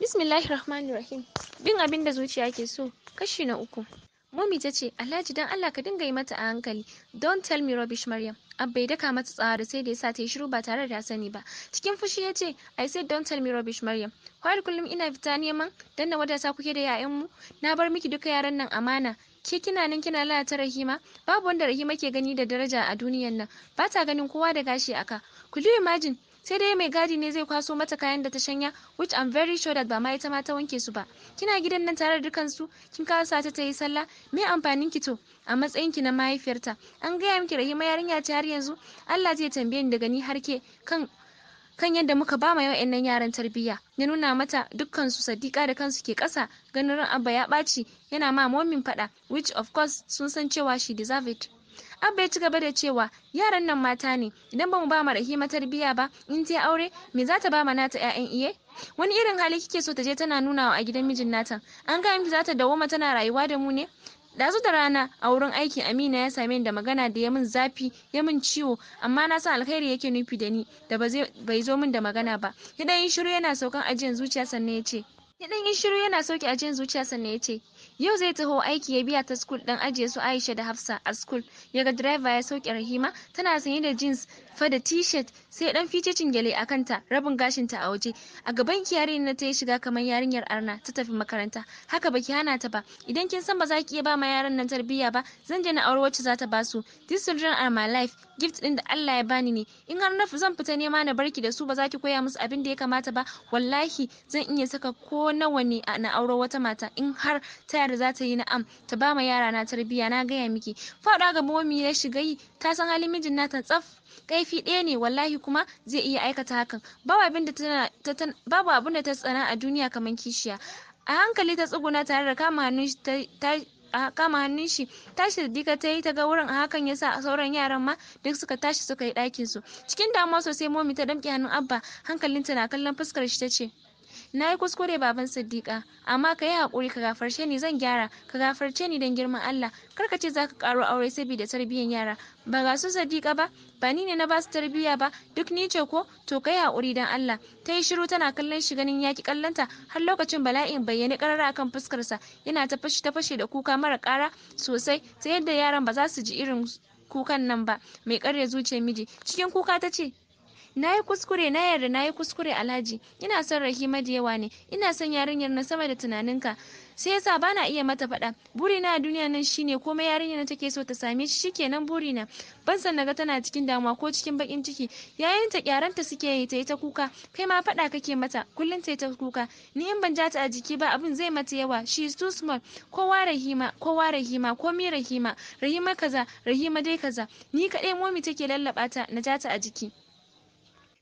Bismillahir Rahmanir Rahim. Bin abin da zuciya ke so, kashi na uku. Momi ta ce, Alhaji dan Allah ka dinga yi mata a hankali. Don't tell me rubbish Maryam. Abba ya daka mata tsawa da sai da ya sa ta yi shiru ba tare da sani ba. Cikin fushi ya ce, I said don't tell me rubbish Maryam. Kwari kullum ina fita neman dan na wadata kuke da yayanmu. Na bar miki duka yaran nan amana. Ke kina nan kina lalata Rahima? Babu wanda Rahima ke gani da daraja a duniyan nan. Ba ta ganin kowa da gashi aka. Ku you imagine? sai dai mai gadi ne zai kwaso mata kayan da ta shanya which I'm very sure that ba ma ita ma ta wanke su ba kina gidan nan tare da su kin kasa ta ta yi sallah me amfanin ki to a matsayin ki na mahaifiyarta an gaya miki rahima yarinya ce har yanzu Allah zai tambaye ni daga ni har ke kan kan yadda muka ba ma wa'annan yaran tarbiyya ya nuna mata dukkan su sadiqa da kansu ke kasa ganin ran abba ya baci yana ma momin fada which of course sun san cewa she deserve it abba ya ci gaba da cewa yaran nan mata ne idan ba mu ba ma rahima tarbiyya ba in ta aure me za ta ba ma nata ƴaƴan iye wani irin hali kike so ta je tana nunawa a gidan mijin nata an ga miki za ta dawoma tana rayuwa da mu ne dazu da rana a wurin aiki amina ya same ni da magana da ya min zafi ya min ciwo amma na san alkhairi yake nufi da ni da bai zo min da magana ba idan shiru yana saukan ajiyar zuciya sannan ya ce shiru yana sauke ajiyar zuciya sannan ya ce yau zai taho aiki ya biya ta school din ajiye su Aisha da Hafsa a school yaga driver ya sauke Rahima tana sanye da jins. fada da t-shirt sai dan fice cingele a kanta rabin gashinta a waje a gaban ki na ta yi shiga kamar yarinyar arna ta tafi makaranta haka baki hana ta ba idan kin san ba za ki iya ba ma yaran nan tarbiyya ba zan je na aure wacce za ta basu This children are my life gift din da Allah ya bani ne in har na zan fita nema na barki da su ba za ki koya musu abin da ya kamata ba wallahi zan iya saka ko nawa ne na aure wata mata in har ta yarda za ta yi na'am ta ba ma yara na tarbiyya na gaya miki faɗa ga momi ya shiga yi ta san halin mijin nata tsaf kaifi ɗaya ne wallahi kuma zai iya aikata hakan babu abin da ta tsana a duniya kamar kishiya a hankali ta tsuguna tare da kama hannun kama hannun shi tashi da dika ta yi ta ga wurin a hakan ya sa sauran yaran ma duk suka tashi suka yi ɗakin su cikin damuwa sosai momi ta damƙe hannun abba hankalinta na kallon fuskar shi ta ce na yi kuskure baban siddiƙa amma ka yi haƙuri ka gafarce ni zan gyara ka gafarce ni don girman allah kar ka ce za ka ƙaro aure saboda tarbiyyar yara ba ga su sadiƙa ba ba ni ne na ba su tarbiyya ba duk ni ce ko to ka yi haƙuri don Allah ta yi shiru tana kallon shi ganin yaƙi kallonta har lokacin bala'in bayyane a kan fuskarsa yana ta fashe ta fashe da kuka mara ƙara sosai ta yadda yaran ba za su ji irin kukan nan ba mai karya zuciyar miji cikin kuka ta ce na yi kuskure na yarda na yi kuskure alhaji ina son rahima da yawa ne ina son yarinyar na sama da tunaninka sai yasa bana iya mata faɗa burina a duniya nan shine komai yarinyar take so ta same shi shikenan burina ban san naga tana cikin damuwa ko cikin bakin ciki yayin ta kyaranta suke yi ta yi ta kuka kai ma faɗa kake mata kullum ta yi ta kuka ni in ban jata a jiki ba abin zai mata yawa shi is too small kowa rahima kowa rahima mi rahima rahima kaza rahima dai kaza ni kaɗai momi take lallaɓa ta na jata a jiki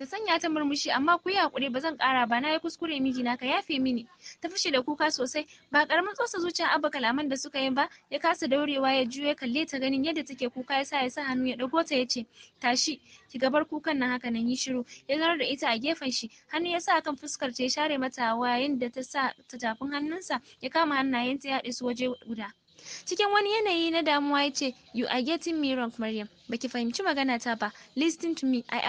ta sanya ta murmushi amma ku yi hakuri ba zan ƙara ba na yi kuskure mijina ka yafe mini ta fashe da kuka sosai ba karamin tsosa zuciyar abba kalaman da suka yi ba ya kasa daurewa ya juya kalle ta ganin yadda take kuka ya sa ya sa hannu ya dago ta ya ce tashi ki gabar kukan nan haka nan yi shiru ya zaro da ita a gefen shi hannu ya sa kan fuskar ta ya share mata yayin da ta sa tafin hannunsa ya kama hannayen ta ya haɗe su waje guda Cikin wani yanayi na damuwa ya ce, You are getting me wrong, Maryam. Baki fahimci magana ta ba. Listen to me. I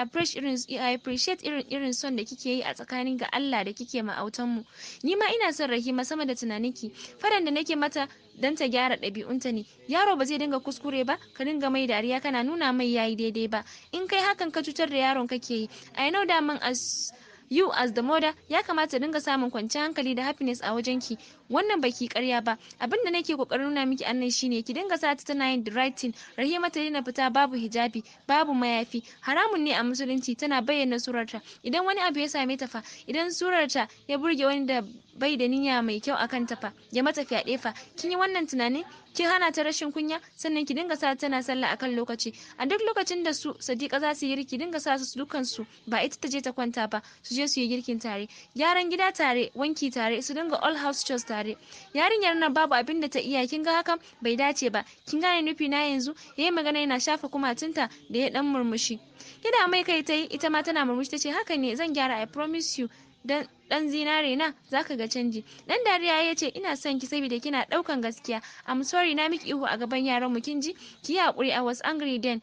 appreciate irin irin son da kike yi a tsakanin ga Allah da kike ma'autan mu. Ni ma ina son Rahima sama da tunanin ki Fadan da nake mata dan ta gyara ɗabi'unta ne. Yaro ba zai dinga kuskure ba, ka dinga mai dariya kana nuna mai yayi daidai ba. In kai hakan ka cutar da yaron kake yi. I know daman as you as the mother ya kamata dinga samun kwanciyar hankali da happiness a wajen ki. wannan baki karya ba abin da nake kokarin nuna miki annan shine ki dinga sa ta tana yin writing rahima ta daina fita babu hijabi babu mayafi haramun ne a musulunci tana bayyana surarta idan wani abu ya same ta fa idan surarta ya burge wani da bai da niyya mai kyau a kanta fa ya mata fyaɗe fa kin yi wannan tunanin kin hana ta rashin kunya sannan ki dinga sa tana sallah akan lokaci a duk lokacin da su sadiqa za su yi riki dinga sa su dukkan su ba ita ta je ta kwanta ba su je su yi girkin tare gyaran gida tare wanki tare su dinga all house chores tare tare yarinyar nan babu abin da ta iya kin ga hakan bai dace ba kin gane nufi na yanzu yayi magana yana shafa kumatunta da ya dan murmushi gida mai kai ta yi ita ma tana murmushi tace haka ne zan gyara i promise you dan dan zinare na zaka ga canji dan dariya ya ce ina son ki saboda kina daukan gaskiya i'm sorry na miki ihu a gaban yaran mu kin ji ki yi hakuri i was angry then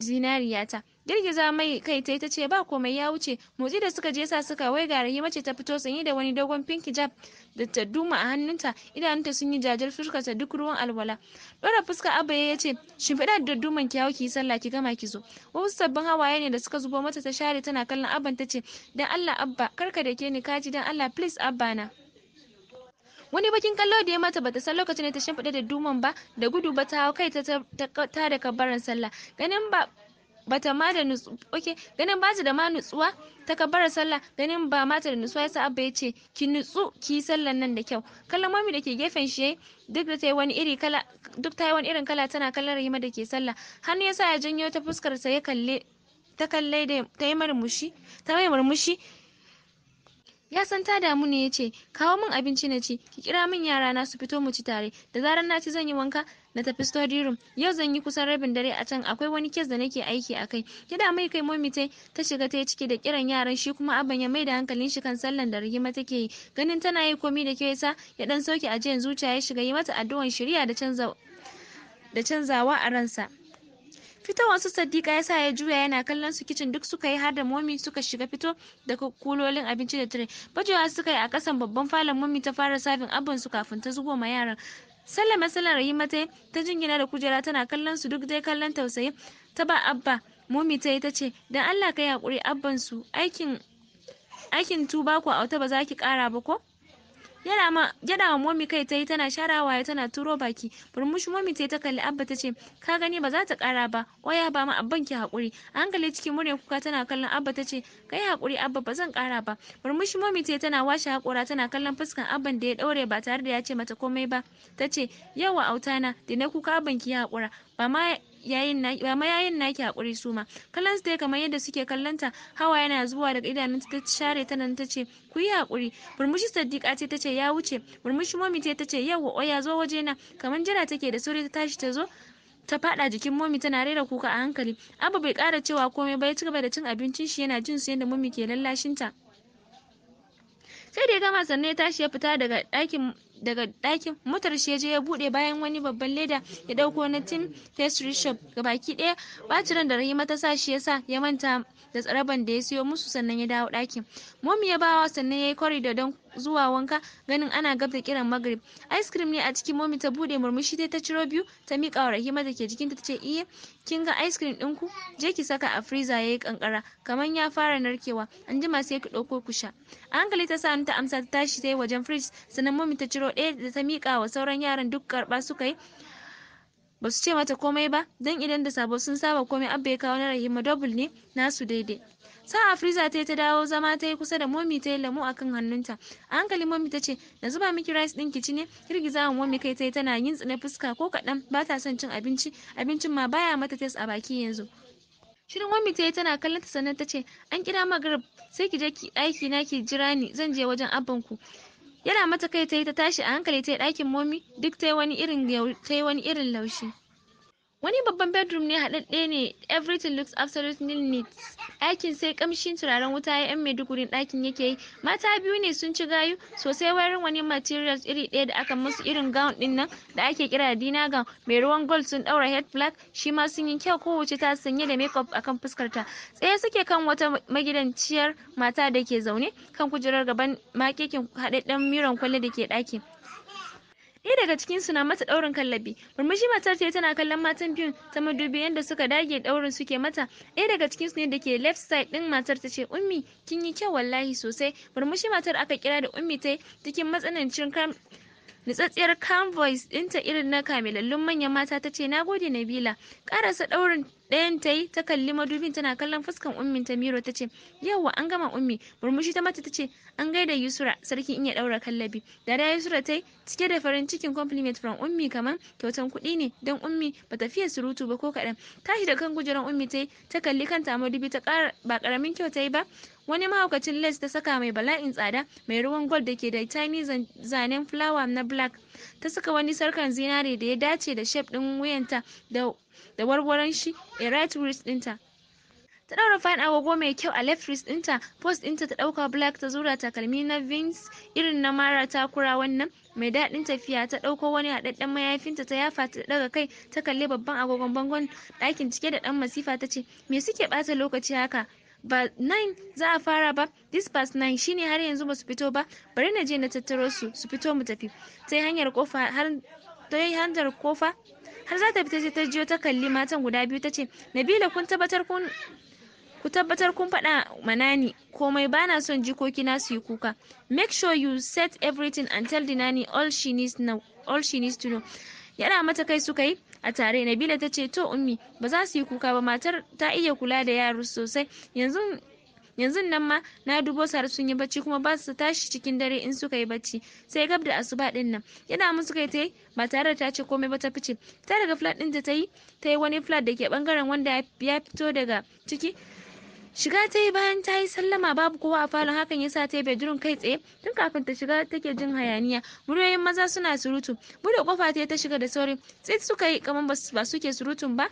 zinariya ta girgiza mai kai ta ce ba komai ya wuce motsi da suka je sa suka wai ga rahima ce ta fito sanye da wani dogon pink hijab da ta duma a hannunta idanunta sun yi jajar ta duk ruwan alwala dora fuska abaye ya ce shimfiɗa da duman ki hau ki yi sallah ki gama ki zo wasu sabbin hawaye ne da suka zubo mata ta share tana kallon abban ta ce dan Allah abba karka da ke ni kaji dan Allah please abba na wani bakin kallo da ya mata bata san lokacin da ta shimfiɗa da duman ba da gudu ba ta hau kai ta ta da kabarin sallah ganin ba bata ma da nutsu okay ganin bata da ma nutsuwa ta kabbara sallah ganin ba mata da nutsuwa yasa abba ya ce ki nutsu ki sallan nan da kyau kallon mami da ke gefen shi duk da yi wani iri kala duk yi wani irin kala tana kallon rahima da ke sallah hannu yasa ya janyo ta fuskar sa ya kalle ta kalle da ta yi murmushi ta mai murmushi ya san ta damu ne ya ce kawo min abinci na ci ki kira min yara na su fito mu ci tare da zarar na ci zan yi wanka na tafi study room yau zan yi kusan rabin dare a can akwai wani kes da nake aiki a kai da mai kai momi ta ta shiga ta ciki da kiran yaran shi kuma aban ya mai da hankalin shi kan sallan da rigima take yi ganin tana yi komi da kyau yasa ya dan soke ajiyan zuciya ya shiga yi mata addu'an shirya da canza da canzawa a ransa fito wasu sadiqa ya sa ya juya yana kallon su kicin duk suka yi har da momi suka shiga fito da kulolin abinci da tire bajewa suka yi a kasan babban falon momi ta fara sabin abin su kafin ta zubo ma yaran sallama sallar yi mata ta jingina da kujera tana kallon su duk dai kallon tausayi ta ba abba mumi ta yi ta ce don allah ka yi haƙuri abban su aikin aikin tuba ku a wata ba za ki kara ba ko yana ma momi kai ta yi tana shara waye tana turo baki burmushi momi ta yi ta kalli abba ta ce ka gani ba za ta kara ba waya ba ma abban ki hakuri a hankali cikin murya kuka tana kallon abba ta ce kai hakuri abba ba zan kara ba burmushi momi ta yi tana washe hakura tana kallon fuskan abban da ya daure ba tare da ya ce mata komai ba ta ce yawa autana da kuka abban ki hakura ba ma yayin naki yayin naki hakuri suma ma kallon su kamar yadda suke kallonta hawa yana zuwa daga idanun ta share ta nan tace ku yi hakuri murmushi sadiqa ce tace ya wuce murmushi momi ce tace yawa oya oh, zo wajena kamar jira take da sauri ta tashi ta zo ta fada jikin momi tana rera kuka a hankali abu bai kara cewa komai ba ya ci gaba da cin abincin shi yana jin su yadda momi ke lallashin ta sai da ya gama sannan ya tashi ya fita daga ɗakin daga ɗakin motar shi ya je ya buɗe bayan wani babban leda ya ɗauko na tim pastry shop baki ɗaya ɓacin da rahima ta sa shi yasa ya manta da tsaraban da ya siyo musu sannan ya dawo ɗakin momi ya bawa sannan ya yi corridor don zuwa wanka ganin ana gab da kiran magrib ice cream ne a cikin momi ta bude murmushi dai ta ciro biyu ta mika wa rahima da ke jikinta ta ce iye kin ga ice cream ɗinku je ki saka a freezer yayi kankara kaman ya fara narkewa an masu sai ki ɗauko ku sha a hankali ta sa ta amsa ta tashi ta yi wajen fridge sanan momi ta ciro ɗaya da ta miƙa wa sauran yaran duk karɓa suka yi ba su ce mata komai ba don idan da sabo sun saba komai abba ya kawo na rahima double ne nasu daidai sa afiriza freezer ta ta dawo zama ta yi kusa da momi ta yi lamu akan hannunta a hankali momi ta ce na zuba miki rice din ki ci ne wa momi kai ta yi tana yin tsina fuska ko kaɗan ba ta son cin abinci abincin ma baya mata tes a baki yanzu shirin momi ta yi tana kallon ta sannan ta ce an kira magrib sai ki je aiki na ki jira ni zan je wajen abban ku yana mata kai ta yi ta tashi a hankali ta yi ɗakin momi duk ta yi wani irin laushi Wani babban bedroom ne haɗaɗɗe ne, everything looks absolutely neat. Ɗakin sai kamshin turaren wuta ya ‘yan Maiduguri ɗakin yake yi. Mata biyu ne sun ci gayu sosai wayarin wani materials iri ɗaya da aka musu irin gown ɗin nan da ake kira Dina gown. Mai ruwan gold sun ɗaura head black shi ma sun yi kyau kowace ta sanye da makeup akan fuskarta. Tsaye suke kan wata magidanciyar mata da ke zaune kan kujerar gaban makekin haɗaɗɗen miran kwalli da ke ɗakin. ɗaya daga cikin su na mata ɗaurin kallabi murmushi matar ta tana kallon matan biyun ta madubi yadda suka dage ɗaurin suke mata ɗaya daga cikin su ne da ke left side ɗin matar ta ce ummi kin yi kyau wallahi sosai murmushi matar aka kira da ummi ta cikin matsanancin nitsatsiyar calm voice ɗinta irin na kamilallun manyan mata ta ce na gode nabila ƙarasa ɗaurin ɗayan ta yi ta kalli madubin tana kallon fuskan ummin ta miro ta ce yawwa an gama ummi murmushi ta mata ta ce an gaida yusura sarkin ya daura kallabi da da yusura ta yi cike da farin cikin compliment from ummi kamar kyautan kuɗi ne don ummi bata fiye surutu ba ko kaɗan tashi da kan gujeran ummi ta yi ta kalli kanta a madubi ta ba ƙaramin kyau ta yi ba wani mahaukacin les ta saka mai bala'in tsada mai ruwan gold da ke da tiny zanen fulawa na black ta saka wani sarkan zinare da ya dace da shef ɗin wuyanta da da warwaran shi a right wrist ɗinta ta ɗaura fine agogo mai kyau a left wrist ɗinta post ɗinta ta ɗauka black ta zura takalmi na vince irin na mara takura wannan mai daɗin tafiya ta ɗauko wani haɗaɗɗen mayafinta ta yafa ta daga kai ta kalli babban agogon bangon ɗakin cike da ɗan masifa ta ce me suke ɓata lokaci haka ba 9 za a fara ba this past 9 shine har yanzu ba su fito ba bari na je na tattaro su su fito mu tafi ta yi hanyar kofa har ta yi hanzar kofa har za ta fita sai ta jiyo ta kalli matan guda biyu ta ce nabila kun tabbatar kun ku tabbatar kun faɗa manani komai bana son jikoki na su yi kuka make sure you set everything and tell the nanny all she needs now all she needs to know yana mata kai suka yi a tare nabila ta ce to ummi ba za su yi kuka ba matar ta iya kula da yaro sosai yanzu yanzun nan ma na dubo har sun yi bacci kuma ba su tashi cikin dare in suka yi bacci sai gab da asuba din nan yana musu kai ta yi ba tare da ta ce komai ba ta fice ta daga flat din da ta yi ta yi wani flat da ke bangaren wanda ya fito daga ciki shiga ta yi bayan ta yi sallama babu kowa a falon hakan yasa ta yi bedroom kai tsaye tun kafin ta shiga take jin hayaniya muryoyin maza suna surutu bude kofa ta ta shiga da sauri sai suka yi kaman ba suke surutun ba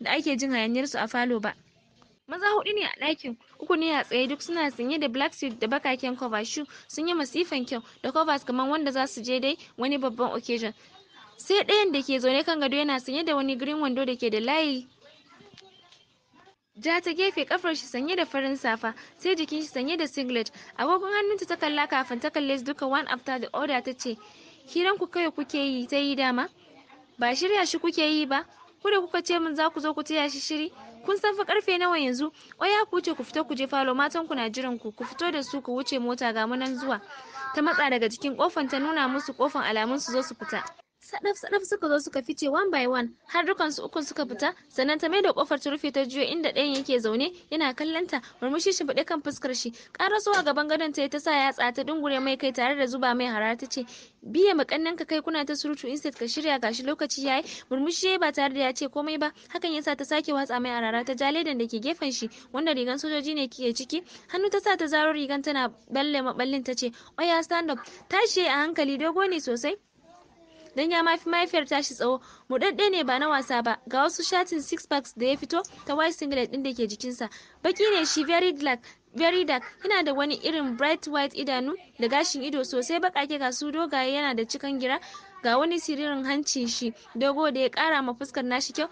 da ake jin hayaniyarsu a falo ba maza hudu ne a ɗakin uku ne a tsaye duk suna sanye da black suit da bakaken cover shoe sun yi masifan kyau da covers kamar wanda za su je dai wani babban occasion sai ɗayan da ke zaune kan gado yana sanye da wani green wando da ke da layi ja ta gefe kafar shi sanye da farin safa sai jikin shi sanye da singlet agogon hannunta ta kalla kafin ta kalle duka one after the other ta ce hiran ku kai kuke yi ta yi dama ba shirya shi kuke yi ba ku da kuka ce min za ku zo ku taya shi shiri kun san fa karfe nawa yanzu oya ku wuce ku fita ku je falo matan ku na jiran ku ku fito da su ku wuce mota ga munan zuwa ta matsa daga cikin kofan ta nuna musu kofan alamun su zo su fita sadaf sadaf suka zo suka fice one by one har su uku suka fita sannan ta maida kofar ta rufe ta juyo inda ɗayan yake zaune yana kallanta murmushi shi bude kan fuskar shi ƙara zuwa gaban gadon ta ta sa yatsa ta dungure mai kai tare da zuba mai harara ta ce biya makannan ka kai kuna ta surutu instead ka shirya gashi lokaci yayi murmushi yayi ba tare da ya ce komai ba hakan yasa ta sake watsa mai harara ta jaledan da ke gefen shi wanda rigan sojoji ne ke ciki hannu ta sa ta zaro rigan tana balle maballin ta ce oya stand up tashi a hankali dogo ne sosai don ya mafi mahaifiyar tashi tsawo mudadde ne ba na wasa ba ga wasu shatin six packs da ya fito ta white singlet din da ke jikinsa baki ne shi very black very dark yana da wani irin bright white idanu da gashin ido sosai bakake ga su dogaye yana da cikan gira ga wani siririn hanci shi dogo da ya kara ma fuskar nashi kyau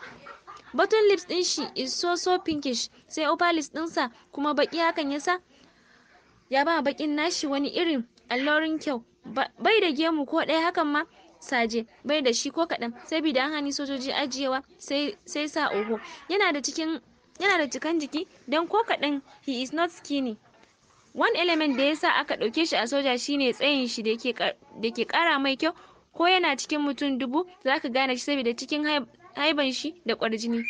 button lips ɗin shi is so so pinkish sai upper lips sa kuma baki hakan yasa ya ba bakin nashi wani irin allurin kyau bai da gemu ko ɗaya hakan ma saje bai da shi ko kaɗan saboda an hani sojoji ajiyewa sai sa oho yana da cikin yana da cikan jiki don ko kaɗan he is not skinny one element da ya sa aka ɗauke shi a soja shine tsayin shi da ke ƙara mai kyau ko yana cikin mutum dubu zaka gane shi saboda cikin haiban shi da kwarjini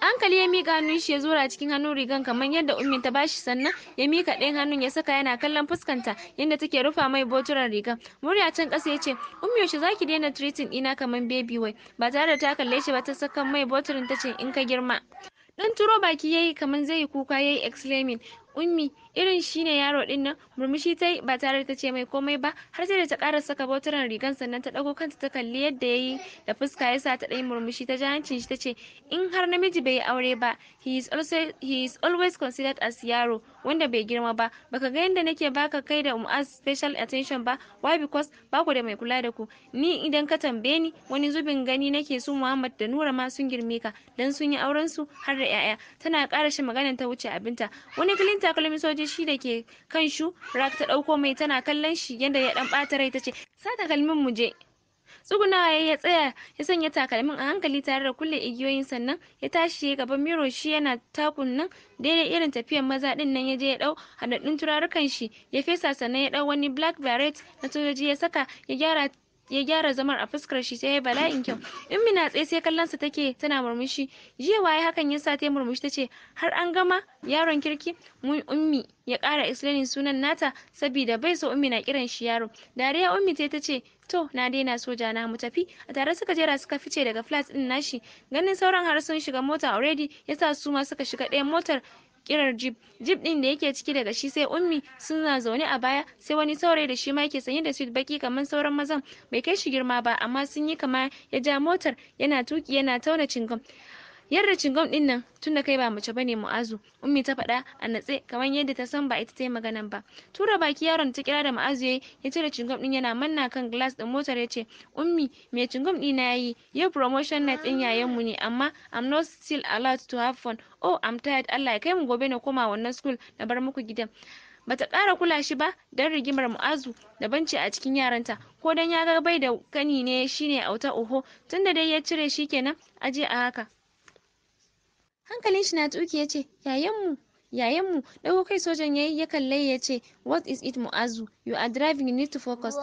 hankali ya mika hannun shi ya zura cikin hannun rigan kamar yadda ummin ta bashi sannan ya mika ɗayan hannun ya saka yana kallon fuskanta yadda take rufa mai boturan rigan murya can ƙasa ya ce ummi yaushe zaki daina treating ɗina kamar baby wai ba tare da ta kalle shi ba ta saka mai boturin ta ce in ka girma dan turo baki yayi kamar zai yi kuka yayi exclaiming ummi irin shi ne yaro din nan murmushi ta yi ba tare da ta ce mai komai ba har sai da ta ƙara saka boturan rigan sannan ta ɗago kanta ta kalli yadda ya yi da fuska ya sa ta ɗayi murmushi ta ji hancin shi ta ce in har namiji bai yi aure ba he is also he always considered as yaro wanda bai girma ba baka ga yadda nake baka kai da mu'as special attention ba why because baku da mai kula da ku ni idan ka tambaye ni wani zubin gani nake su Muhammad da Nura ma sun girme ka dan sun yi auren su har da yaya tana kara shi maganar ta wuce abinta wani kilin takalmi soji shi da ke kan shu rak ta dauko mai tana kallon shi yadda ya dan bata rai tace sa takalmin mu je tsugunawa ya tsaya ya sanya takalmin a hankali tare da kulle igiyoyin sannan ya tashi ya gaban miro shi yana takun nan daidai irin tafiyan maza din nan ya je ya dau haɗaɗɗun turarukan shi ya fesa sannan ya dau wani black beret na sojoji ya saka ya gyara ya gyara zamar a fuskar shi sai ya bala'in kyau in mina tsaye sai kallon sa take tana murmushi jiya waye hakan ya sa ta murmushi tace har an gama yaron kirki mun ummi ya kara islanin sunan nata saboda bai so ummi na kiran shi yaro dariya ummi ta tace to na daina soja na mu tafi a tare suka jera suka fice daga flat din nashi ganin sauran har sun shiga mota already yasa su ma suka shiga ɗayan motar kirar jeep jeep din da yake ciki da shi sai ummi suna zaune a baya sai wani saurayi da shi ma yake sanye da suit baki kamar sauran mazan bai kai shi girma ba amma sun yi kama ya ja motar yana tuki yana tauna cingam yarda cingom din nan tunda kai ba mace bane mu'azu ummi ta faɗa a natse kamar yadda ta san ba ita ta yi maganan ba tura baki yaron ta kira da mu'azu yayi ya cire cingom din yana manna kan glass din motar ya ce ummi me cingom din na yayi ya promotion night din yayan mu ne amma i'm not still allowed to have fun oh i'm tired Allah ya kai mu gobe na koma wannan school na bar muku gidan bata kara kula shi ba don rigimar mu'azu da banci a cikin yaranta ko dan ya ga bai da kani ne shine auta oho tunda dai ya cire shi kenan aje a haka hankalin shi na tuki ya ce yayanmu yayanmu ɗago kai sojan yayi ya kalle ya ce what is it mu'azu you are driving you need to focus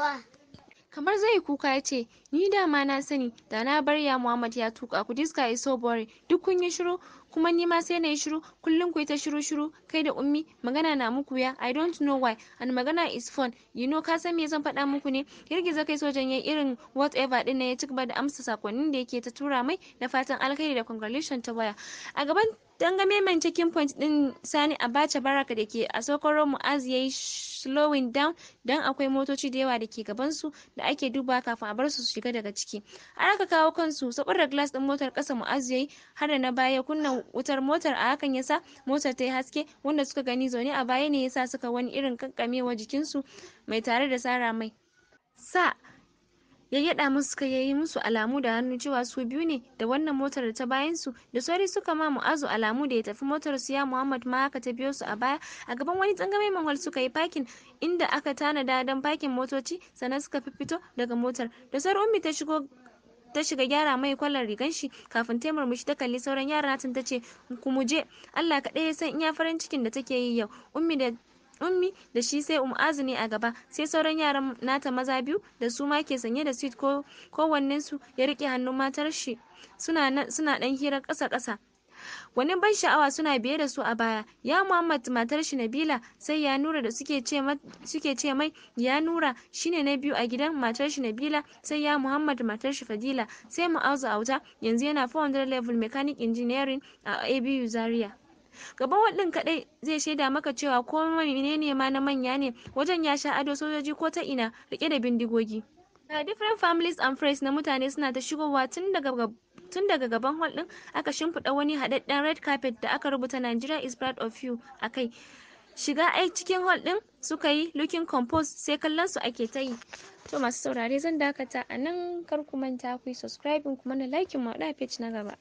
kamar zai kuka ya ce ni dama na sani da na bar ya muhammad ya tuka ku diska is so boring duk kun yi shiru kuma ni ma sai na yi shiru kullum ku yi ta shiru shiru kai da ummi magana na muku ya i don't know why and magana is fun you know ka san me zan faɗa muku ne girgiza kai sojan ya irin whatever din na ya ci gaba da amsa sakonnin da yake ta tura mai na fatan alkhairi da congratulation ta waya a gaban don ga mai cikin point din Sani Abacha Baraka da ke a Sokoro Mu'az ya yi slowing down don akwai motoci da yawa da ke gabansu da ake duba kafin a bar su shiga daga ciki. Har aka kawo kansu saboda glass din motar kasa Mu'az ya yi har da na baya kunna wutar motar a hakan yasa motar ta yi haske wanda suka gani zaune a baya ne sa suka wani irin kankamewa jikinsu mai tare da sara mai. Sa ya gyada musu suka yayi musu alamu da hannu cewa su biyu ne da wannan motar da ta bayan su da sauri suka ma mu'azu alamu da ya tafi motar su ya muhammad ma haka ta biyo su a baya a gaban wani tsangamai manhol suka yi pakin inda aka tanada don pakin motoci sannan suka fito daga motar da sauri ummi ta shigo ta shiga gyara mai kwallon rigan shi kafin ta murmushi ta kalli sauran yara natin ta ce ku mu Allah kaɗai ya san iya farin cikin da take yi yau ummi da ummi da shi sai um azumi a gaba sai sauran yaran nata maza biyu da su ma ke sanye da suit ko kowannen su ya rike hannun matar shi suna suna dan hira ƙasa ƙasa wani ban sha'awa suna biye da su a baya ya muhammad matar shi nabila sai ya nura da suke ce mai ya nura shine na biyu a gidan matar shi nabila sai ya muhammad matar shi fadila sai mu'azu auta yanzu yana 400 level mechanic engineering a abu zaria gaban ɗin kaɗai zai shaida maka cewa ko menene ma na manya ne wajen ya sha ado sojoji ko ta ina rike da bindigogi daga different families and friends na mutane suna ta shigowa tun daga tun daga gaban hall din aka shimfiɗa wani haɗaɗɗen red carpet da aka rubuta Nigeria is proud of you a kai shiga ai cikin hall din suka yi looking composed sai kallon su ake ta yi to masu saurare zan dakata a nan kar ku manta ku yi subscribing kuma na like mu a page na gaba